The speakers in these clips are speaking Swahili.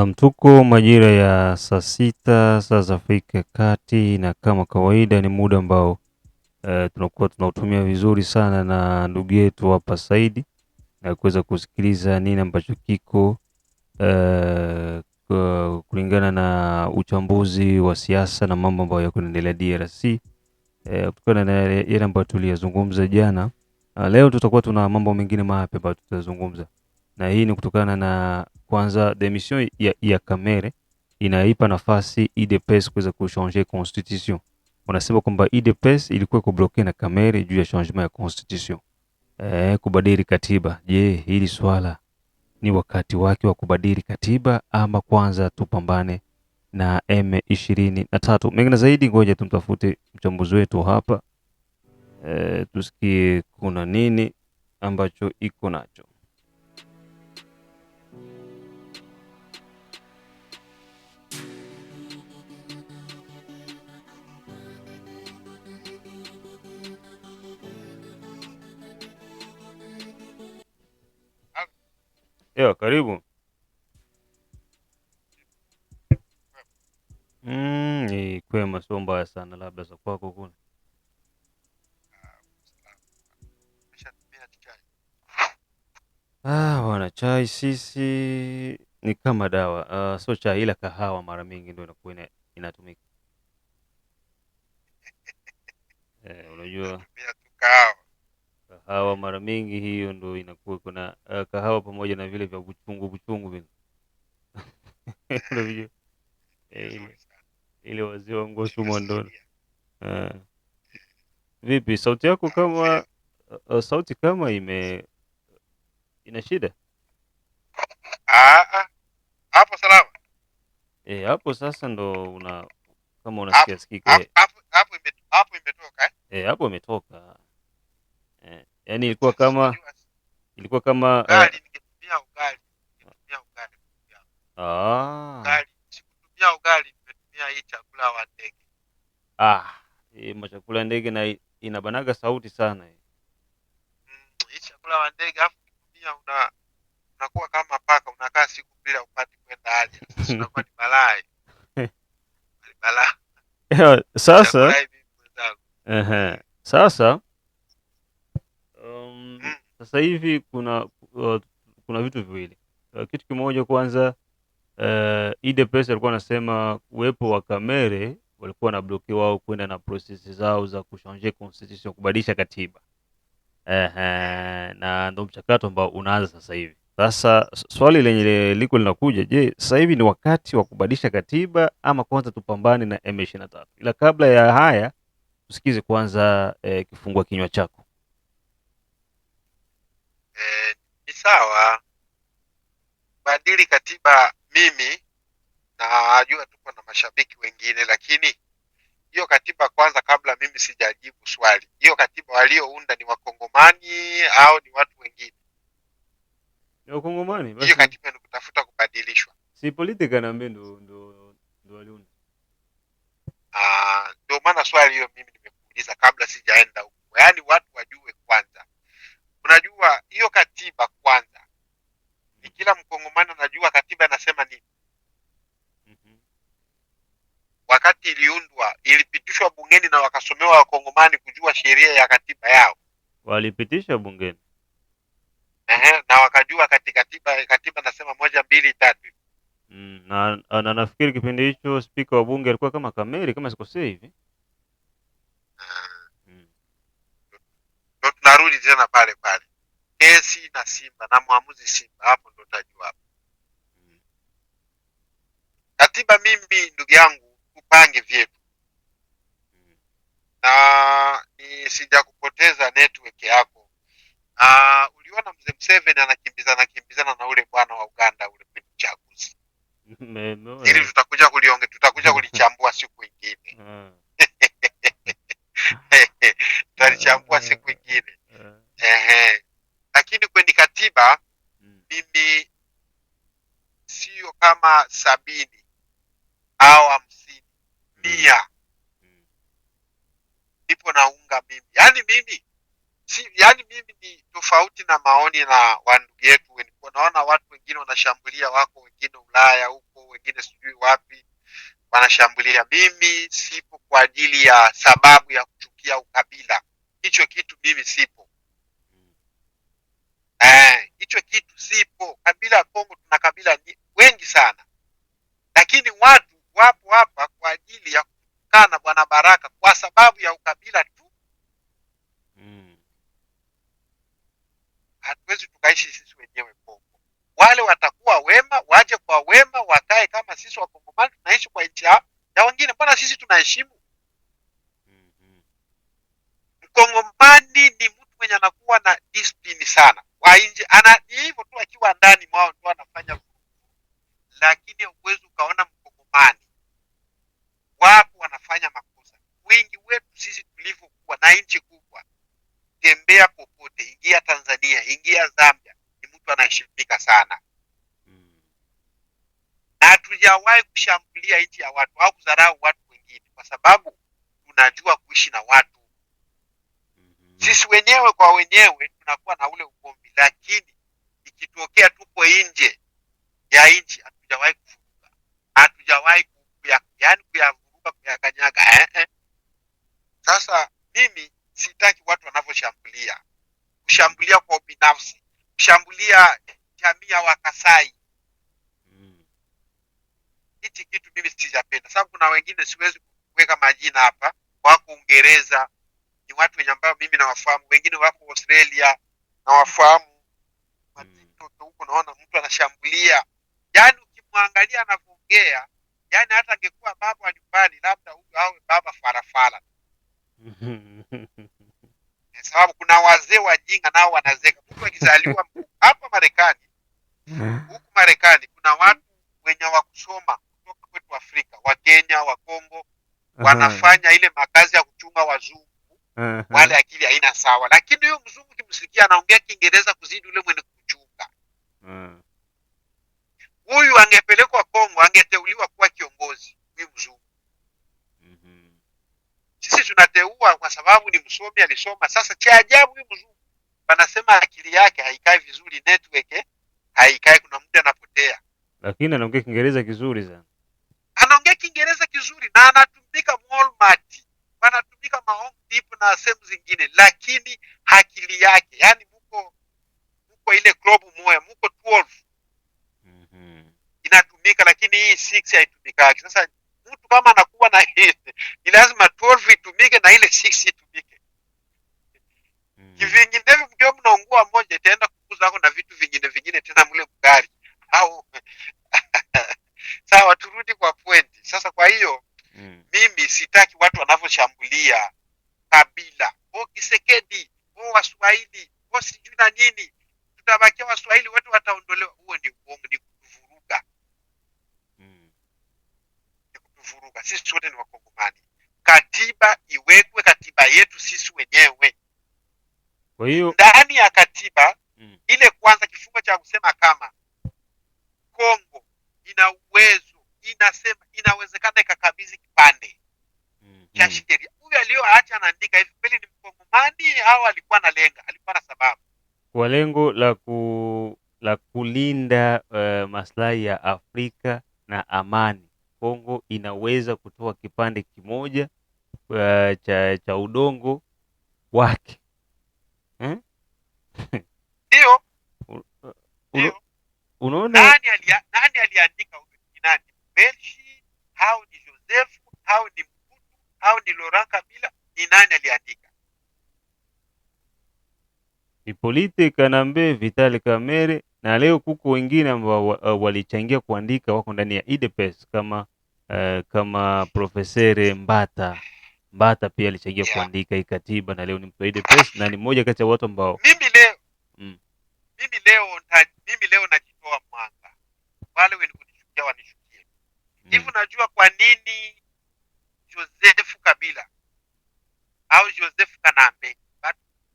Naam, tuko majira ya saa sita saa za Afrika ya Kati, na kama kawaida ni muda ambao e, tunakuwa tunautumia vizuri sana na ndugu yetu hapa Saidi na kuweza kusikiliza nini ambacho kiko e, kulingana na uchambuzi wa siasa na mambo ambayo yako yanaendelea DRC e, eh, kutokana na yale ambayo tuliyazungumza jana. Ah, leo tutakuwa tuna mambo mengine mapya ambayo tutazungumza, na hii ni kutokana na kwanza demission ya, ya Kamere inaipa nafasi UDPS kuweza kuchange constitution. Wanasema kwamba UDPS ilikuwa iko na Kamere juu ya changement ya constitution. Eh, kubadili katiba. Je, hili swala ni wakati wake wa kubadili katiba ama kwanza tupambane na M23? Mengine zaidi, ngoja tumtafute mchambuzi wetu hapa. Eh, tusikie kuna nini ambacho iko nacho. Yo, karibu. Mm, ni kwema, sio mbaya sana, labda za kwako kule. Ah, bwana, chai sisi ni kama dawa. Ah, sio chai ila kahawa mara mingi ndio inakuwa inatumika. Eh, unajua kahawa kahawa mara mingi hiyo ndo inakuwa kuna uh, kahawa pamoja na vile vya kuchungu kuchungu vile eh, ile ile wazee wa Ngosho mwandoni Ah. Vipi sauti yako kama uh, uh, sauti kama ime ina shida? Ah, ah, ah. Hapo salama. e, hapo sasa ndo una kama unasikia sikika. Hapo imetoka eh? Eh, hapo imetoka yani ilikuwa kama ilikuwa kama eh, ugali, ningetumia ugali, ningetumia ugali. Ah. Ugali, sikutumia ugali, nimetumia hii chakula wa ndege. Ah, hii machakula ndege na inabanaga sauti sana hii. Mm, hii chakula wa ndege afu ukitumia una unakuwa kama paka unakaa siku bila upati kwenda haja. Unakuwa ni balaa. Balaa. Sasa. Sasa sasa hivi kuna uh, kuna vitu viwili uh, kitu kimoja kwanza, uh, IDPs alikuwa anasema uwepo wa Kamere walikuwa na bloki wao kwenda na prosesi zao za kushanje constitution kubadilisha katiba uh, uh, na ndio mchakato ambao unaanza sasa hivi. Sasa swali lenye liko linakuja, je, sasa hivi ni wakati wa kubadilisha katiba ama kwanza tupambane na M23? Ila kabla ya haya tusikize kwanza eh, kifungua kinywa chako eh, ni sawa badili katiba. Mimi najua tuko na mashabiki wengine, lakini hiyo katiba kwanza, kabla mimi sijajibu swali, hiyo katiba waliounda ni wakongomani au ni watu wengine? Ni wakongomani. Basi hiyo katiba ni kutafuta kubadilishwa, si politika nambe, ndo ndo ndo waliunda. Ah, ndio maana swali hiyo mimi nimekuuliza kabla sijaenda huko, yaani watu Unajua hiyo katiba kwanza ni mm-hmm. kila mkongomani anajua katiba inasema nini. Mm-hmm. Wakati iliundwa ilipitishwa bungeni na wakasomewa wakongomani kujua sheria ya katiba yao, walipitishwa bungeni Ehe, na wakajua kati katiba katiba nasema moja mbili tatu. Mm, na, na nafikiri kipindi hicho spika wa bunge alikuwa kama Kameri kama sikosei hivi. Ah tunarudi tena pale pale kesi na Simba na mwamuzi Simba, hapo ndo utajua hapo katiba. Mimi ndugu yangu, tupange vyetu na sija kupoteza network yako. Uh, uliona mzee mseveni anakimbizana kimbizana na ule bwana wa Uganda ule kwenye uchaguzi eh. ili tutakuja kulionge, tutakuja kulichambua siku ingine ah. tutalichambua eh, siku ingine eh. ehe. Lakini kwenye katiba hmm. mimi sio kama sabini au hamsini hmm. mia hmm. nipo naunga mimi, yani mimi si, yani mimi ni tofauti na maoni na wandugu yetu. Nilikuwa naona watu wengine wanashambulia, wako wengine Ulaya huko, wengine sijui wapi wanashambulia. Mimi sipo kwa ajili ya sababu ya kuchukia ukabila hicho kitu mimi sipo eh, hicho eh, kitu sipo. Kabila ya Kongo tuna kabila wengi sana, lakini watu wapo hapa kwa ajili ya kutukana Bwana Baraka kwa sababu ya ukabila tu. Mm. Hatuwezi tukaishi sisi wenyewe Kongo. Wale watakuwa wema waje kwa wema, wakae kama sisi Wakongomani tunaishi kwa nchi ya wengine. Mbona sisi tunaheshimu Mkongomani ni mtu mwenye anakuwa na discipline sana wa nje, ana hivyo tu, akiwa ndani mwao ndio anafanya lakini huwezi ukaona mkongomani wapo wanafanya makosa. Wengi wetu sisi tulivyokuwa na nchi kubwa, tembea popote, ingia Tanzania, ingia Zambia, ni mtu anaheshimika sana na hatujawahi kushambulia nchi ya watu au kudharau watu wengine, kwa sababu tunajua kuishi na watu sisi wenyewe kwa wenyewe tunakuwa na ule ugomvi, lakini ikitokea tuko nje ya nchi hatujawahi kuvuruga, hatujawahi kuya, yani kuyavuruga kuyakanyaga, eh, eh. Sasa mimi sitaki watu wanavyoshambulia kushambulia kwa ubinafsi, kushambulia jamii ya Wakasai hmm. hichi kitu mimi sijapenda, sababu kuna wengine siwezi kuweka majina hapa, wako Uingereza, ni watu wenye ambao mimi nawafahamu, wengine wapo Australia nawafahamu watoto mm. huko, naona mtu anashambulia. Yani ukimwangalia anavyoongea, yani hata angekuwa baba wa nyumbani, labda huyo awe baba farafara sababu kuna wazee wajinga nao wanazeka mtu akizaliwa hapa Marekani. Huku Marekani kuna watu wenye wakusoma kutoka kwetu Afrika, Wakenya, Wakongo, wanafanya ile makazi ya kuchunga wazungu wale akili haina sawa, lakini huyo mzungu kimsikia anaongea Kiingereza kuzidi ule mwenye kuchunga huyu hmm. Angepelekwa Kongo, angeteuliwa kuwa kiongozi huyu mzungu mhm. Sisi tunateua kwa sababu ni msomi, alisoma. Sasa cha ajabu huyu mzungu anasema akili yake haikai vizuri, network eh, haikai, kuna mtu anapotea, lakini anaongea Kiingereza kizuri sana, anaongea Kiingereza kizuri na anatumika Walmart wanatumika maong deep na sehemu zingine, lakini akili yake yani muko muko ile globe moya muko 12 mm -hmm. inatumika, lakini hii 6 haitumikaki. Sasa mtu kama anakuwa na ni lazima 12 itumike na ile 6 itumike mm -hmm. kivinginevyo, mkiwa mnaungua moja itaenda kukuza ako na vitu vingine vingine tena mle mgari au sawa. Turudi kwa point sasa, kwa hiyo sitaki watu wanavyoshambulia kabila, o Kisekedi, o Waswahili, o sijui na nini, tutabakia Waswahili wote wataondolewa. Huo ni uongo, ni kutuvuruga mm. ni kutuvuruga. Sisi sote ni Wakongomani, katiba iwekwe, katiba yetu sisi wenyewe. Kwa hiyo ndani ya katiba mm. ile kwanza kifungo cha kusema kama Kongo ina uwezo inasema inawezekana ikakabidhi kipande cha mm. sheria. Huyu aliyoacha anaandika hivi kweli ni mkongomani au alikuwa na lenga Alikuwa na sababu kwa lengo la ku la kulinda uh, maslahi ya Afrika na amani. Kongo inaweza kutoa kipande kimoja uh, cha, cha udongo wake eh? ndio hmm? Unaona nani aliandika? Nani? Belshi au ni Joseph au ni au ni Laurent Kabila? Ni nani aliandika? Ni Polite Kanambe, Vitali Kamere na leo kuko wengine ambao walichangia kuandika wako ndani ya UDPS e kama uh, kama Profesere Mbata Mbata pia alichangia yeah, kuandika hii katiba na leo ni mtu wa UDPS e na ni mmoja kati ya watu ambao mimi leo mm, mimi leo na, mimi leo najitoa mwanga wale wenye kunishukia wanishukie mm. hivi mm. Najua kwa nini Joseph Kabila au Joseph Kanambe,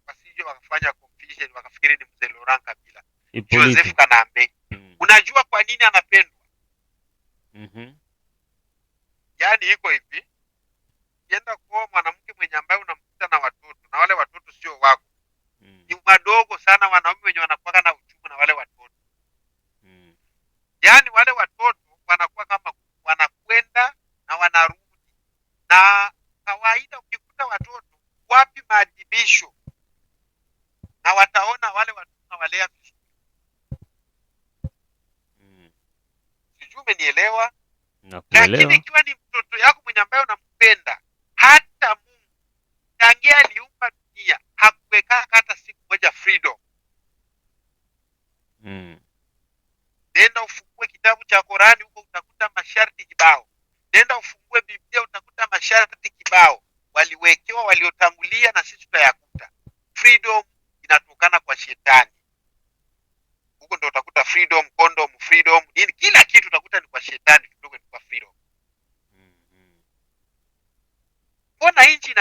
wasije wakafanya confusion wakafikiri ni mzee Laurent Kabila. Joseph Kanambe mm. Unajua kwa nini anapendwa? mm -hmm. Yaani iko hivi, ukienda kuoa mwanamke mwenye ambaye unamkuta na watoto na wale watoto sio wako mm. Ni wadogo sana wanaume wenye wanakuwa na uchungu na wale watoto mm. Yaani wale watoto wanakuwa kama wanakwenda na wanarudi na kawaida ukikuta watoto wapi maadhimisho na wataona wale watoto nawalea vizuri mm. Sijui umenielewa, lakini ikiwa ni mtoto yako mwenye ambaye unampenda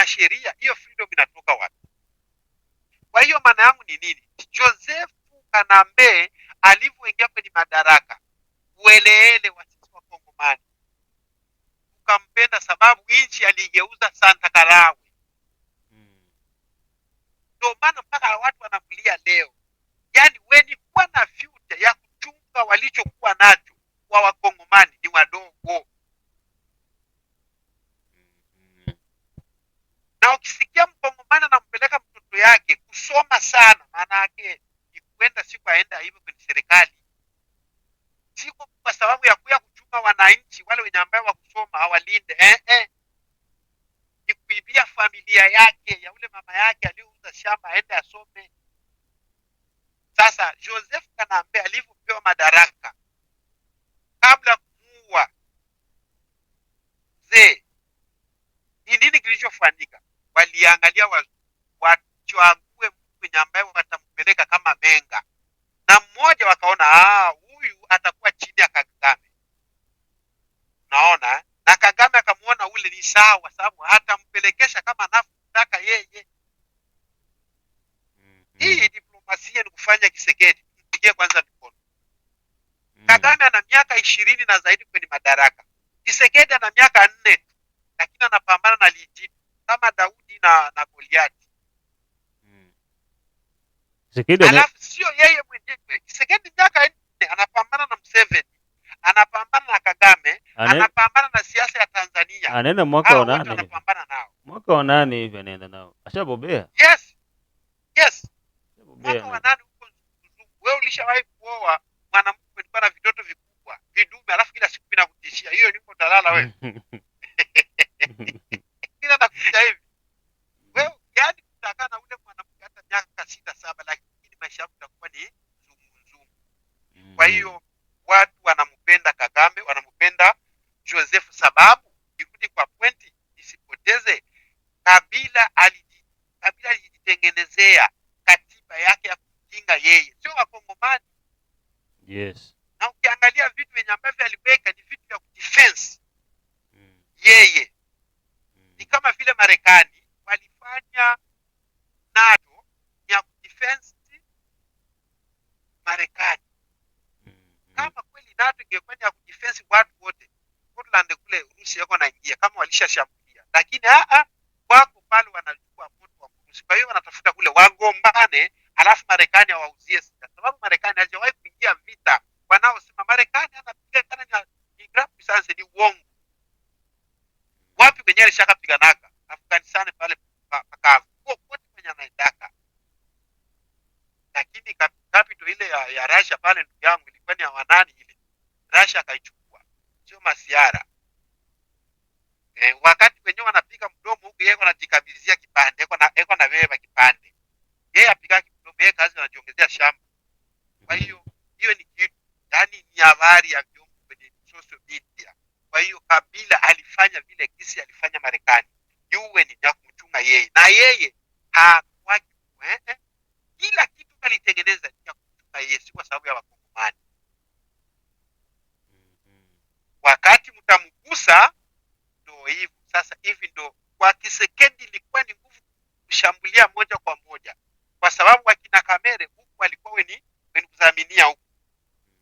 sheria, hiyo freedom inatoka wapi? Kwa hiyo maana yangu ni nini? Joseph Kanambe alivyoingia kwenye madaraka, ueleele wa sisi wa Kongomani ukampenda, sababu nchi aligeuza Santa Karawe. Ndio hmm, maana mpaka watu wanamlia leo. Yaani kuwa na future ya kuchunga walichokuwa nacho wa Wakongomani ni wadogo Na ukisikia mkongomani anampeleka mtoto yake kusoma sana, maana yake ni kuenda, siku aenda hivyo kwenye serikali, siku kwa sababu ya kuya kuchuma wananchi wale wenye ambayo wakusoma hawalinde eh, eh. Ni kuibia familia yake ya ule mama yake aliyouza shamba aende asome. Sasa Joseph Kanambe alivyopewa madaraka kabla kumuua mzee kujiangalia wachague mwenye ambaye watampeleka kama Menga, na mmoja wakaona ah, huyu atakuwa chini ya Kagame. Unaona, na Kagame akamwona ule ni sawa, sababu hatampelekesha kama anavyotaka yeye. mm -hmm. Hii diplomasia ni kufanya kisekedi, mpigie kwanza mikono. mm -hmm. Kagame ana miaka ishirini na zaidi kwenye madaraka. kisekedi ana miaka nne tu, lakini anapambana na Litini kama Daudi na, na Goliati hmm. Alafu sio yeye mwenyewe Tshisekedi miaka nne anapambana na Museveni anapambana na Kagame Ane... anapambana na siasa ya Tanzania anaenda mwaka wa nane anapambana nao mwaka wa nane hivi anaenda nao ashabobea. Yes, yes, mwaka wa nane huko. Wewe ulishawahi kuoa mwanamke alikuwa na vitoto vikubwa vidume, alafu kila siku vinakutishia hiyo, niko talala wewe mwingine anakuja hivi wewe, yaani mtakaa na ule mwanamke hata miaka sita saba, lakini maisha yako itakuwa ni zunguzungu. Mm-hmm. Kwa hiyo watu wanampenda Kagame, wanampenda Joseph sababu ikudi kwa pointi isipoteze. Kabila aliji, Kabila alijitengenezea katiba yake ya kukinga yeye, sio Wakongomani. Yes. Na ukiangalia vitu vyenye ambavyo aliweka ni vitu vya kudefense mm. yeye Marekani walifanya NATO ya kudefense Marekani. Mm-hmm. Kama kweli NATO ingekuwa ya kudefense watu wote, Portland kule Urusi yako na ingia kama walishashambulia, lakini a ah, a ah, wako pale wanachukua moto wa Urusi. Kwa hiyo wanatafuta kule wagombane, alafu Marekani awauzie sita, sababu Marekani hajawahi kuingia vita. Wanaosema Marekani anapiga anapigana ni Ukraine sasa ni uongo. Wapi wenyewe alishakapiganaka Afghanistan pale pakavu kote kwenye anaendaka, lakini kapito ile ya, ya rasha pale, ndugu yangu, ilikuwa ni ya wanani ile rasha akaichukua, sio masiara eh, wakati wenyewe wanapiga mdomo huku, yeye anajikabizia kipande, eko na eko na beba kipande, yeye apiga mdomo, yeye kazi anajiongezea shamba. Kwa mhm. hiyo hiyo ni kitu yani, ni habari ya vyombo vya social media. Kwa hiyo Kabila alifanya vile kisi alifanya Marekani jiwe ni cha kumchunga yeye, na yeye hakuwaki eh, kila kitu kalitengeneza cha kumchunga yeye, si kwa sababu ya wakongomani. Wakati mtamgusa, ndo hivi sasa hivi ndo kwa kisekendi, ilikuwa ni nguvu kushambulia moja kwa moja, kwa sababu wakina Kamere huku walikuwa weni weni kudhaminia huku.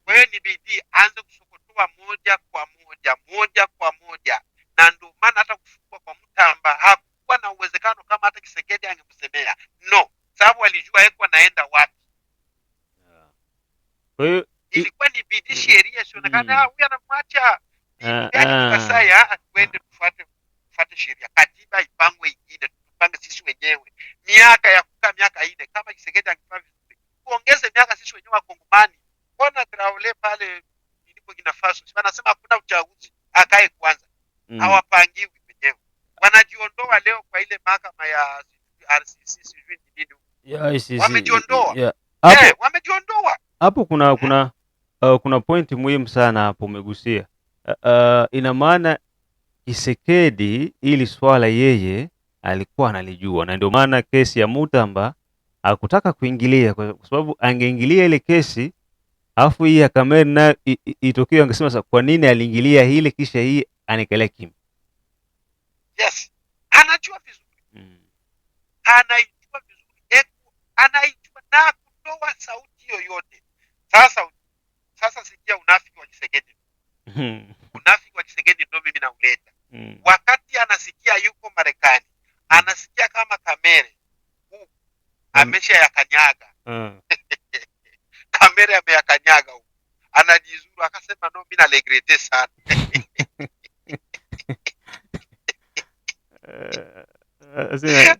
Kwa hiyo ni bidii, anze kusokotoa moja kwa moja moja kwa moja na ndio maana hata kufungwa kwa Mtamba hakukuwa na uwezekano kama hata Kisekedi angemsemea no, sababu alijua eko anaenda wapi. Ilikuwa ni bidii mm. sheria sionekana mm. ah, RCC sijui ni nini, wamejiondoa eh, wamejiondoa hapo. Kuna mm-hmm. kuna uh, kuna pointi muhimu sana hapo umegusia. Uh, uh ina maana Kisekedi ili swala yeye alikuwa analijua, na ndio maana kesi ya Mutamba hakutaka kuingilia, kwa sababu angeingilia ile kesi alafu hii ya Kameri nayo itokee, angesema sasa, kwa nini aliingilia ile kisha hii anaekelea kimya? Yes, anajua vizuri anaijua vizuri eku, anaijua na kutoa sauti yoyote. Sasa sasa sikia unafiki wa Kisegeni hmm. unafiki wa Kisegedi ndio mimi nauleta mm. Wakati anasikia yuko Marekani, anasikia kama kamere uh, amesha yakanyaga mm. kamere ameyakanyaga huu anajizuru akasema, no mi nalegrete sana eh, eh, eh,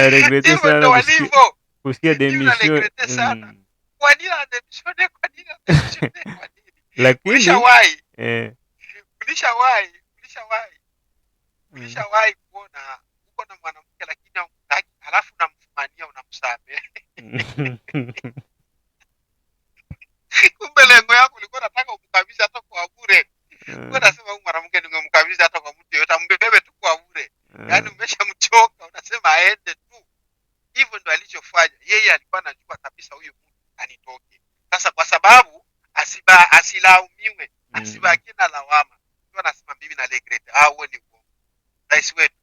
regrete sana kusikia, kusikia demission Lakini ulishawahi kuona uko na mwanamke lakini unamfumania unamsamehe kumbe lengo yako ulikuwa nataka umkabisa hata kwa bure, kabisa huyo mtu anitoke. Sasa kwa sababu asiba asilaumiwe, mm. asibaki na lawama. Ndio anasema mimi na Legret, ah wewe ni uongo. Rais wetu.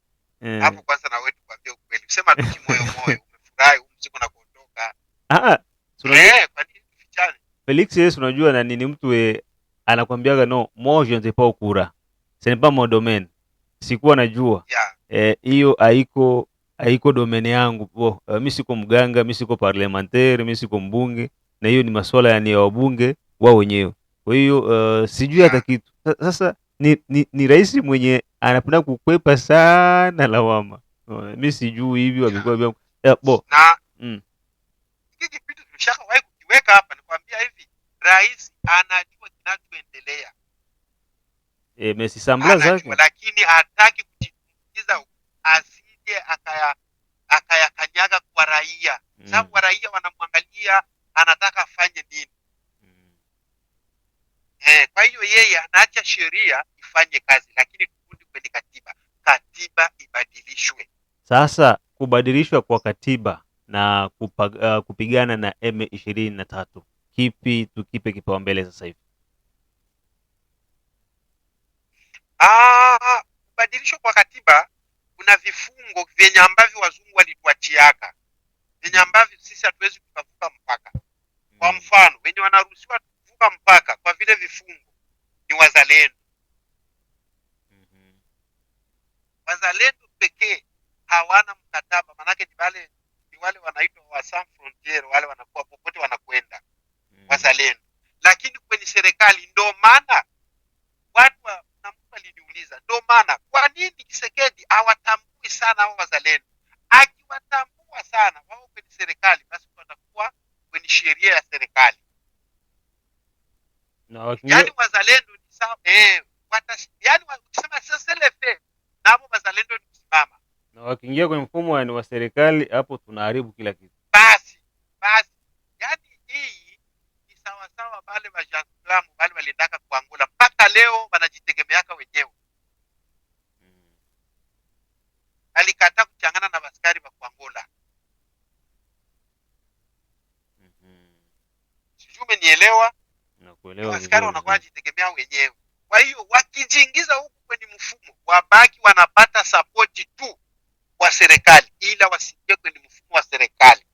Mm. Hapo kwanza na wewe tukwambia ukweli. sema tu kimoyo moyo, umefurahi umziko na kuondoka. Ah ah. Eh, kwa nini tufichane? Felix yes, unajua na nini mtu we eh, anakwambiaga no, moyo je pao kura pas modomen Sikuwa najua. Yeah. Eh, hiyo haiko haiko domeni yangu po. Uh, eh, mimi siko mganga, mimi siko parlementaire, mimi siko mbunge, na hiyo ni masuala yani ya wabunge wao wenyewe. Kwa hiyo uh, sijui hata kitu. Sasa ni, ni, ni rais mwenye anapenda kukwepa sana lawama. Uh, eh, mimi sijui hivi wamekuwa vya uh, bo na mm. Hiki kitu tumeshawahi kukiweka hapa, nikwambia hivi rais anajua kinachoendelea. Eh, mesi sambla zake. Lakini hataki sheria ifanye kazi, lakini turudi kwenye katiba, katiba ibadilishwe. Sasa kubadilishwa kwa katiba na kupa, uh, kupigana na M ishirini na tatu, kipi tukipe kipaumbele sasa hivi? Ah, kubadilishwa kwa katiba kuna vifungo vyenye ambavyo wazungu walituachiaka vyenye ambavyo sisi hatuwezi kuvuka mpaka. Kwa hmm. mfano wenye wanaruhusiwa kuvuka mpaka kwa vile vifungo ni wazalendo mm -hmm. wazalendo pekee hawana mkataba, maanake ni wale ni wale wanaitwa wa Sans Frontiere, wale wanakuwa popote wanakwenda mm -hmm. wazalendo, lakini kwenye serikali ndo maana watu wa, na mtu aliniuliza, ndo maana kwa nini Kisekedi hawatambui sana hao wazalendo? Akiwatambua sana wao kwenye serikali, basi watakuwa kwenye sheria ya serikali no, yaani wazalendo Eh, na wakiingia kwenye mfumo yani wa serikali, hapo tunaharibu kila kitu. Basi basi, yani hii ni sawasawa wa wajanslamu wale waliendaka kuangula mpaka leo wanajitegemeaka wenyewe hmm. Alikataa kuchangana na waskari wa kuangula hmm. sijui umenielewa. Waskari wanakuwa jitegemea wenyewe kwa hiyo wakijiingiza huku kwenye mfumo, wabaki wanapata sapoti tu wa serikali, ila wasiingie kwenye mfumo wa serikali,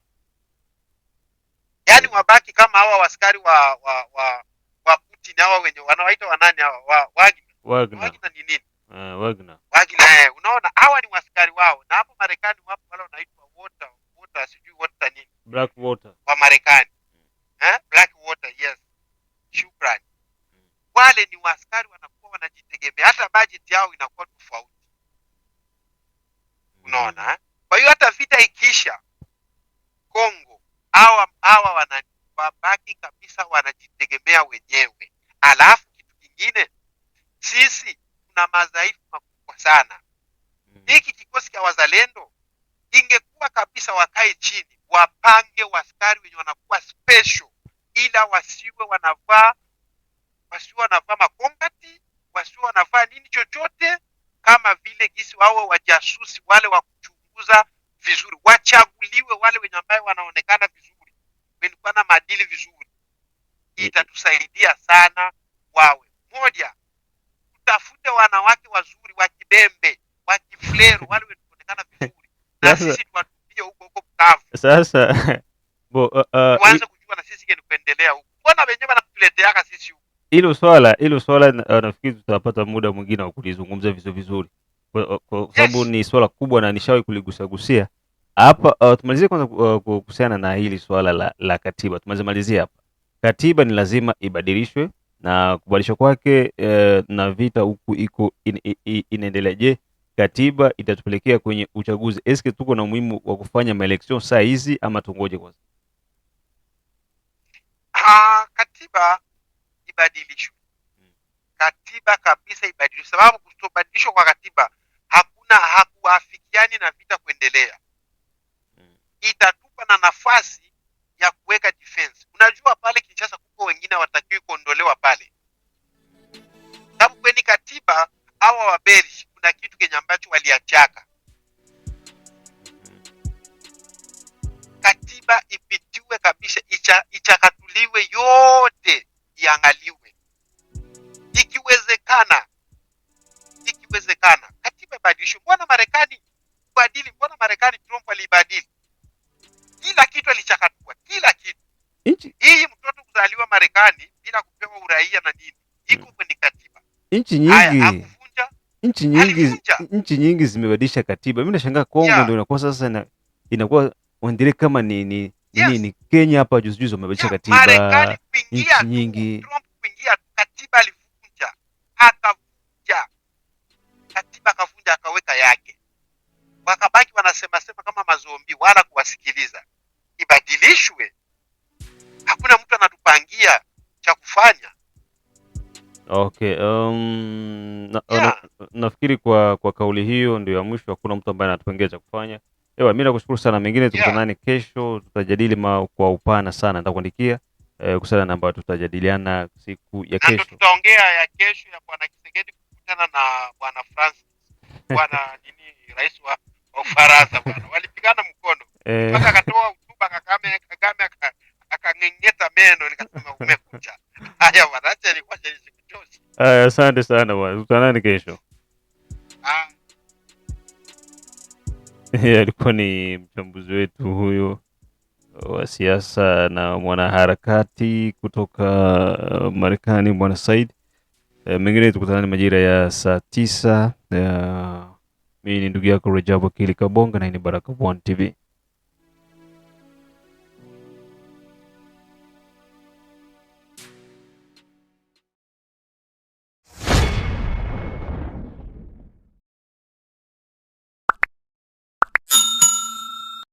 yaani wabaki kama hawa waskari wa wa wa, wa Putin hawa wenye wanawaita wanani hawa wa, Wagner. Wagner. Wagner ni nini? Uh, Wagner. Wagner, eh, unaona hawa ni waskari wao, na hapo Marekani wapo wale wanaitwa water water, sijui water nini, black water wa Marekani, eh black water, yes, shukrani wale ni waaskari wanakuwa wanajitegemea, hata bajeti yao inakuwa tofauti. Unaona, eh? kwa hiyo hata vita ikiisha Kongo, hawa hawa wanabaki kabisa wanajitegemea wenyewe. Alafu kitu kingine, sisi tuna madhaifu makubwa sana. Mm. Hiki kikosi cha wazalendo ingekuwa kabisa, wakae chini, wapange waskari wenye wanakuwa special, ila wasiwe wanavaa wasio wanavaa makombati wasio wanavaa nini chochote, kama vile gisi wawe wajasusi wale wa kuchunguza vizuri, wachaguliwe wale wenye ambaye wanaonekana vizuri, wenye na maadili vizuri. Itatusaidia sana. Wawe moja, tutafute wanawake wazuri wa Kibembe, wa Kiflero, wale wenye vizuri na sisi tuwatupie huko huko Bukavu. Sasa bo, uh, uh, tuanze kujua na sisi kuendelea huko, mbona wenyewe wanatuleteaka sisi huko hilo swala hilo swala uh, nafikiri tutapata muda mwingine wa kulizungumza vizuri vizuri, kwa eh, sababu ni swala kubwa na nishawahi kuligusagusia hapa. Uh, tumalizie kwanza kuhusiana na hili swala la, la katiba tumalizimalizie hapa. Katiba ni lazima ibadilishwe na kubadilishwa kwake uh, na vita huku iko inaendelea. In, in, je, katiba itatupelekea kwenye uchaguzi? Eske tuko na umuhimu wa kufanya maelection saa hizi ama tungoje kwanza? Ah, katiba ibadilishwe, katiba kabisa ibadilishwe, sababu kutobadilishwa kwa katiba hakuna hakuafikiani na vita kuendelea. Mm. Itatupa na nafasi ya kuweka defense. Unajua pale Kinshasa kuko wengine watakiwi kuondolewa pale, sababu kwenye katiba hawa wabelgi kuna kitu kenye ambacho waliachaka katiba ipitiwe kabisa, icha, ichakatuliwe yote iangaliwe, ikiwezekana, ikiwezekana katiba ibadilishwe. Mbona Marekani badili? Mbona Marekani Trump aliibadili? kila kitu, alichakatua kila kitu. Hii mtoto kuzaliwa Marekani bila kupewa uraia na nini, iko kwenye katiba. Nchi nyingi nchi nyingi nchi nyingi zimebadilisha katiba. Mimi nashangaa Kongo ndio inakuwa sasa inakuwa wandire kama ni, ni yes. Nini Kenya hapa juzi juzi wamebadilisha katiba, nchi nyingi, kuingia katiba alivunja, akavunja katiba, akavunja akaweka yake, wakabaki wanasema sema kama mazombi, wala kuwasikiliza. Ibadilishwe, hakuna mtu anatupangia cha kufanya. Okay, um, na, yeah. na, nafikiri kwa kwa kauli hiyo ndio ya mwisho. Hakuna mtu ambaye anatupangia cha kufanya. Ewa, mimi nakushukuru sana, mengine tukutanane yeah. Kesho tutajadili ma kwa upana sana, nitakuandikia eh, kuhusiana na ambayo tutajadiliana siku ya kesho. Na Tutaongea ya kesho ya bwana Kisegedi kukutana na bwana Francis, bwana nini, rais wa Ufaransa bwana, walipigana mkono eh. mpaka akatoa hotuba Kagame, Kagame akang'eng'eta meno, nikasema umekucha. Haya bwana, acha ni kwa sisi tosha. Haya, asante sana bwana, tukutanane kesho ah. Mwinuko ni mchambuzi wetu huyu wa siasa na mwanaharakati kutoka uh, Marekani, Bwana Said. E, mengine tukutanani majira ya saa tisa. E, mimi ni ndugu yako Rajabu Akili Kabonga na hii ni Baraka1 TV.